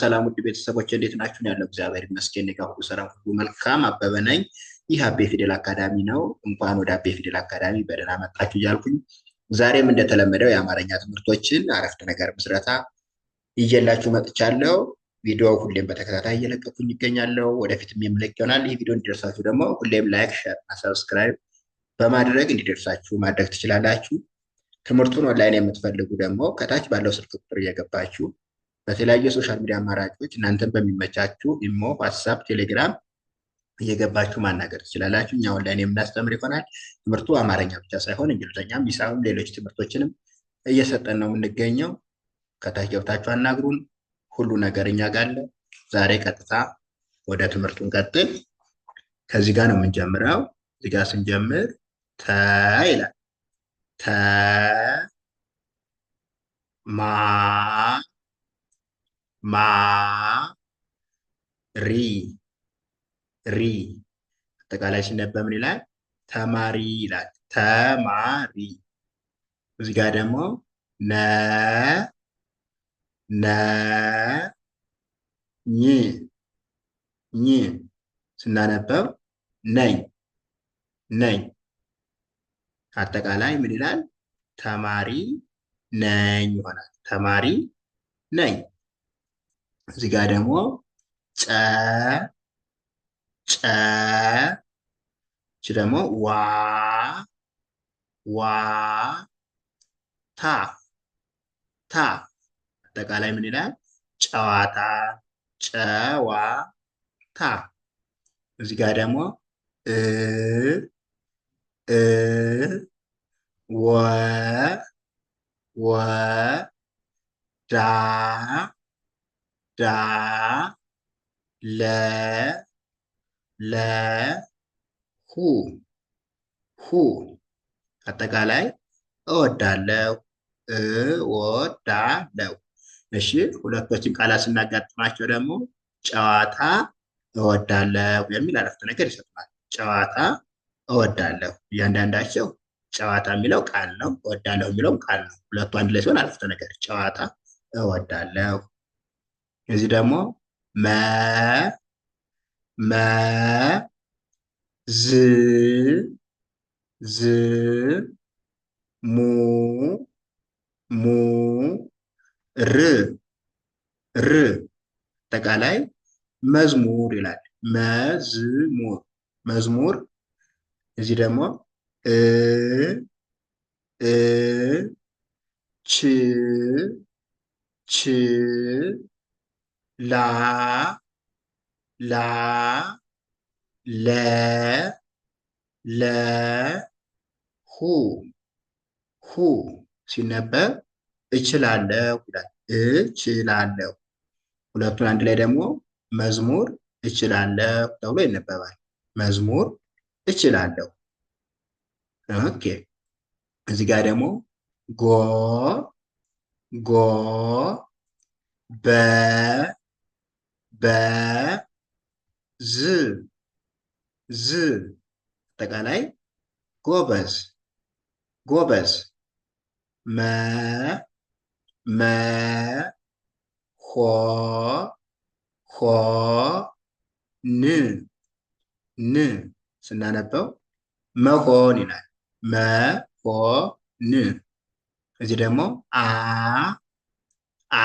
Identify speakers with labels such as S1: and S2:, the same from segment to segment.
S1: ሰላም ሰላም፣ ውድ ቤተሰቦች እንዴት ናችሁ? ያለው እግዚአብሔር ይመስገን። ጋ ሁሉ ሰላም፣ ሁሉ መልካም። አበበ ነኝ። ይህ አቤ ፊደል አካዳሚ ነው። እንኳን ወደ አቤ ፊደል አካዳሚ በደህና መጣችሁ እያልኩኝ ዛሬም እንደተለመደው የአማርኛ ትምህርቶችን አረፍተ ነገር ምስረታ እየላችሁ መጥቻለሁ። ቪዲዮ ሁሌም በተከታታይ እየለቀኩኝ ይገኛለሁ። ወደፊት የምለቅ ይሆናል። ይህ ቪዲዮ እንዲደርሳችሁ ደግሞ ሁሌም ላይክ፣ ሸር እና ሰብስክራይብ በማድረግ እንዲደርሳችሁ ማድረግ ትችላላችሁ። ትምህርቱን ኦንላይን የምትፈልጉ ደግሞ ከታች ባለው ስልክ ቁጥር እየገባችሁ በተለያዩ የሶሻል ሚዲያ አማራጮች እናንተን በሚመቻችሁ ኢሞ፣ ዋትሳፕ፣ ቴሌግራም እየገባችሁ ማናገር ትችላላችሁ። እኛ ኦንላይን የምናስተምር ይሆናል። ትምህርቱ አማርኛ ብቻ ሳይሆን እንግሊዝኛም፣ ሂሳብም ሌሎች ትምህርቶችንም እየሰጠን ነው የምንገኘው። ከታች ገብታችሁ አናግሩን። ሁሉ ነገር እኛ ጋለ። ዛሬ ቀጥታ ወደ ትምህርቱን ቀጥል። ከዚህ ጋር ነው የምንጀምረው። እዚህ ጋር ስንጀምር ተ ይላል ተ ማ ማ ሪ አጠቃላይ ሲነበብ ምን ይላል? ተማሪ ይላል። ተማሪ እዚህ ጋር ደግሞ ነ ነ ኝ ኝ ስናነበብ ነኝ ነኝ አጠቃላይ ምን ይላል? ተማሪ ነኝ ይሆናል። ተማሪ ነኝ እዚህ ጋር ደግሞ ጨ ጨ እቺ ደግሞ ዋ ዋ ታ ታ አጠቃላይ ምን ይላል? ጨዋታ ጨዋታ። እዚህ ጋር ደግሞ እ እ ወ ወ ዳ ዳ ለ ለ ሁ ሁ አጠቃላይ እወዳለሁ እወዳለሁ። እሺ ሁለቶችን ቃላት ስናጋጥማቸው ደግሞ ጨዋታ እወዳለሁ የሚል አረፍተ ነገር ይሰጥናል። ጨዋታ እወዳለሁ እያንዳንዳቸው ጨዋታ የሚለው ቃል ነው። እወዳለሁ የሚለውም ቃል ነው። ሁለቱ አንድ ላይ ሲሆን አረፍተ ነገር ጨዋታ እወዳለሁ እዚህ ደግሞ መ መ ዝ ዝ ሙ ሙ ር ር አጠቃላይ መዝሙር ይላል። መዝሙር መዝሙር እዚህ ደግሞ እ እ ች ች ላ ላ ለ ለ ሁ ሁ ሲነበብ እችላለሁ ይላል። እችላለሁ ሁለቱን አንድ ላይ ደግሞ መዝሙር እችላለሁ ተብሎ ይነበባል። መዝሙር እችላለሁ። ኦኬ እዚህ ጋር ደግሞ ጎ ጎ በ በዝ ዝ አጠቃላይ ጎበዝ ጎበዝ መ መ ሆ ሆ ን ን ስናነበው መሆን ይላል። መሆን እዚህ ደግሞ አ አ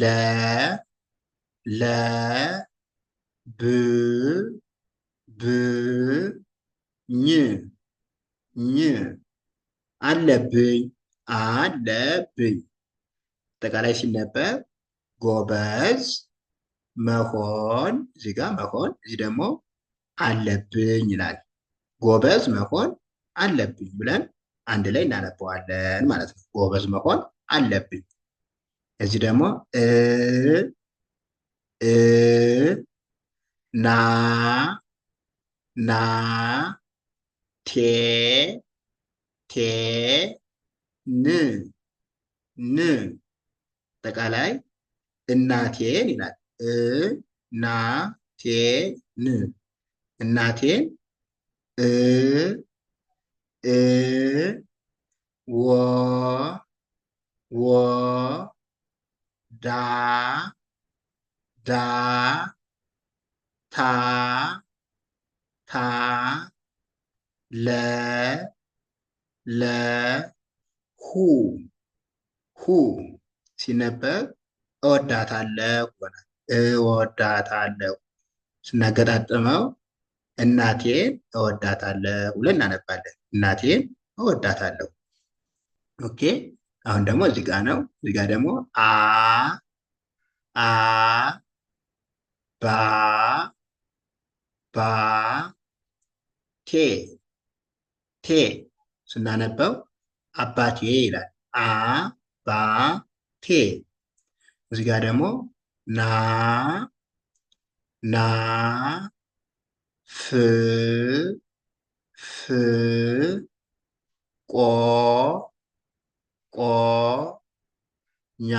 S1: ለ ለ ብ ብ ኝ ኝ አለብኝ አለብኝ አጠቃላይ ሲነበብ ጎበዝ መሆን እዚህ ጋር መሆን እዚህ ደግሞ አለብኝ ይላል። ጎበዝ መሆን አለብኝ ብለን አንድ ላይ እናነበዋለን ማለት ነው። ጎበዝ መሆን አለብኝ እዚህ ደግሞ እ ና ና ቴ ቴ ን ን አጠቃላይ እናቴን ይላል። እ ና ቴ ን እናቴን እ እ ወ ወ ዳ ዳ ታ ታ ለ ለ ሁ ሁ ሲነበብ እወዳታለሁ ይሆናል። እወዳታለሁ ስናገጣጥመው እናቴን እወዳታለሁ ብለን እናነባለን። እናቴን እወዳታለሁ። ኦኬ አሁን ደግሞ እዚህ ጋ ነው። እዚህ ጋ ደግሞ አ አ ባ ባ ቴ ቴ ስናነበው አባቴ ይላል። አ ባ ቴ እዚህ ጋር ደግሞ ና ና ፍ ፍ ቆ ቆ ኛ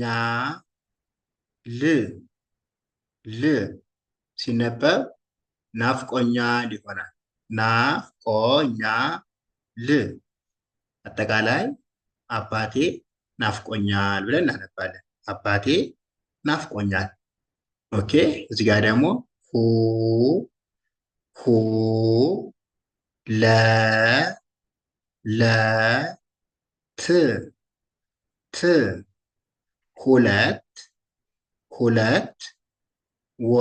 S1: ኛ ል ል ሲነበብ ናፍቆኛ ይሆናል። ናፍቆኛ ል አጠቃላይ አባቴ ናፍቆኛል ብለን እናነባለን። አባቴ ናፍቆኛል። ኦኬ እዚህ ጋር ደግሞ ሁ ሁ ለ ለ ት ት ሁለት ሁለት ወ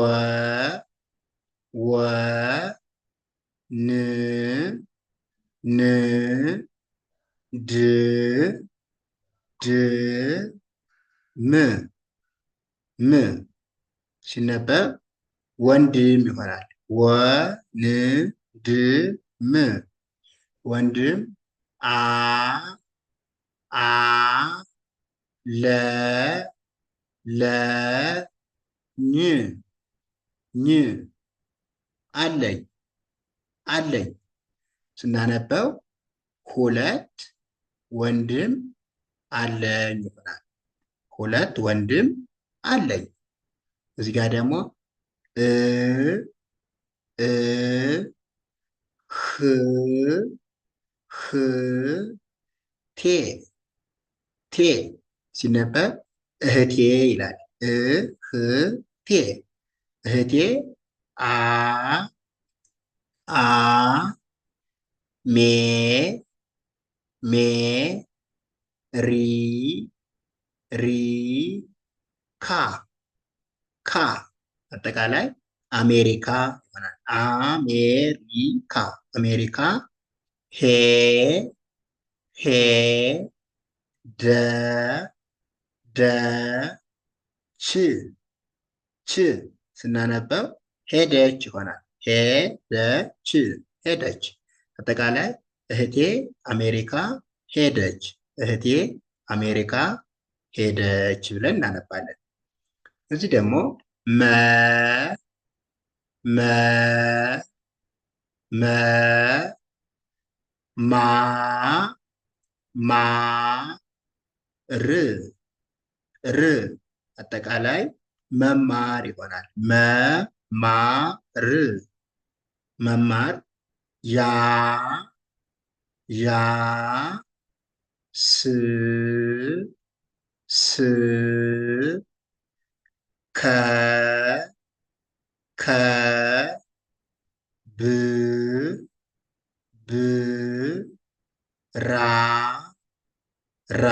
S1: ወ ን ን ድ ድ ም ም ሲነበብ ወንድም ይሆናል። ወንድም ወንድም አ አ ለ ለኝ ኝ አለኝ አለኝ ስናነበው ሁለት ወንድም አለኝ ይሆናል። ሁለት ወንድም አለኝ። እዚህ ጋር ደግሞ እ እ ህ ህ ቴ ቴ ሲነበብ እህቴ ይላል። እህቴ እህቴ አ አ ሜ ሜ ሪ ሪ ካ ካ አጠቃላይ አሜሪካ ይሆናል። አሜሪካ አሜሪካ ሄ ሄ ደ ደ ች ች ስናነበብ ሄደች ይሆናል። ሄደች ሄደች። አጠቃላይ እህቴ አሜሪካ ሄደች፣ እህቴ አሜሪካ ሄደች ብለን እናነባለን። እዚህ ደግሞ መ መ መ ማ ማ ር ር አጠቃላይ መማር ይሆናል። መማር መማር ያ ያ ስ ስ ከ ከ ብ ብ ራ ራ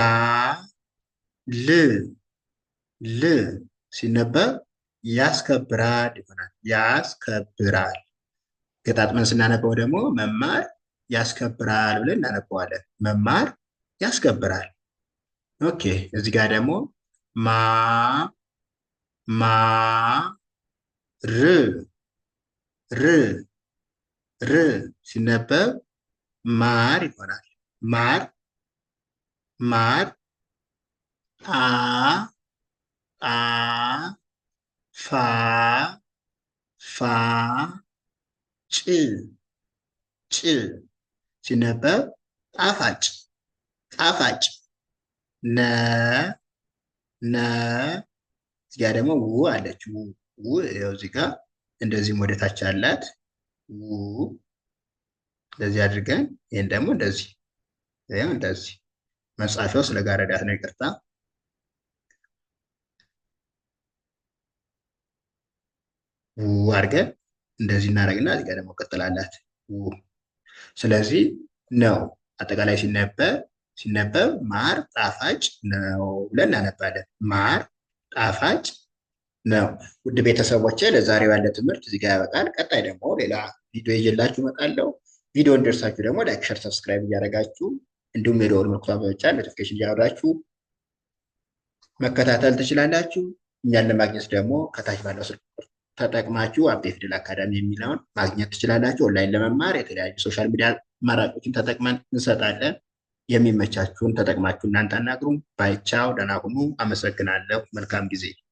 S1: ል ሲነበብ ያስከብራል ይሆናል። ያስከብራል ገጣጥመን ስናነበው ደግሞ መማር ያስከብራል ብለን እናነበዋለን። መማር ያስከብራል። ኦኬ እዚህ ጋር ደግሞ ማ ማ ር ር ር ሲነበብ ማር ይሆናል። ማር ማር አ አ ፋ ፋ ጭ ጭ ሲነበብ ጣፋጭ ጣፋጭ ነ ነ እዚጋ ደግሞ ው አለች ው ው እዚጋ እንደዚህም ወደታች አላት ው እንደዚህ አድርገን ይህን ደግሞ እንደዚህ እንደዚህ መጻፊያው ስለጋረዳት ነው ይቅርታ አድርገን እንደዚህ እናደርግና እዚህ ጋር ደግሞ ቀጥላላት። ስለዚህ ነው አጠቃላይ ሲነበብ ሲነበብ ማር ጣፋጭ ነው ብለን እናነባለን። ማር ጣፋጭ ነው። ውድ ቤተሰቦቼ ለዛሬው ያለ ትምህርት እዚህ ጋር ያበቃል። ቀጣይ ደግሞ ሌላ ቪዲዮ ይዤላችሁ እመጣለሁ። ቪዲዮ እንደርሳችሁ ደግሞ ላይክ፣ ሸር፣ ሰብስክራይብ እያደረጋችሁ እንዲሁም የደወል ምልክቷን በመጫን ኖቲፊኬሽን እያወራችሁ መከታተል ትችላላችሁ። እኛን ለማግኘት ደግሞ ከታች ባለው ስልክ ተጠቅማችሁ አፕዴት ፊደል አካዳሚ የሚለውን ማግኘት ትችላላችሁ። ኦንላይን ለመማር የተለያዩ ሶሻል ሚዲያ አማራጮችን ተጠቅመን እንሰጣለን። የሚመቻችሁን ተጠቅማችሁ እናንተ አናግሩም። ባይቻው፣ ደህና ሁኑ። አመሰግናለሁ። መልካም ጊዜ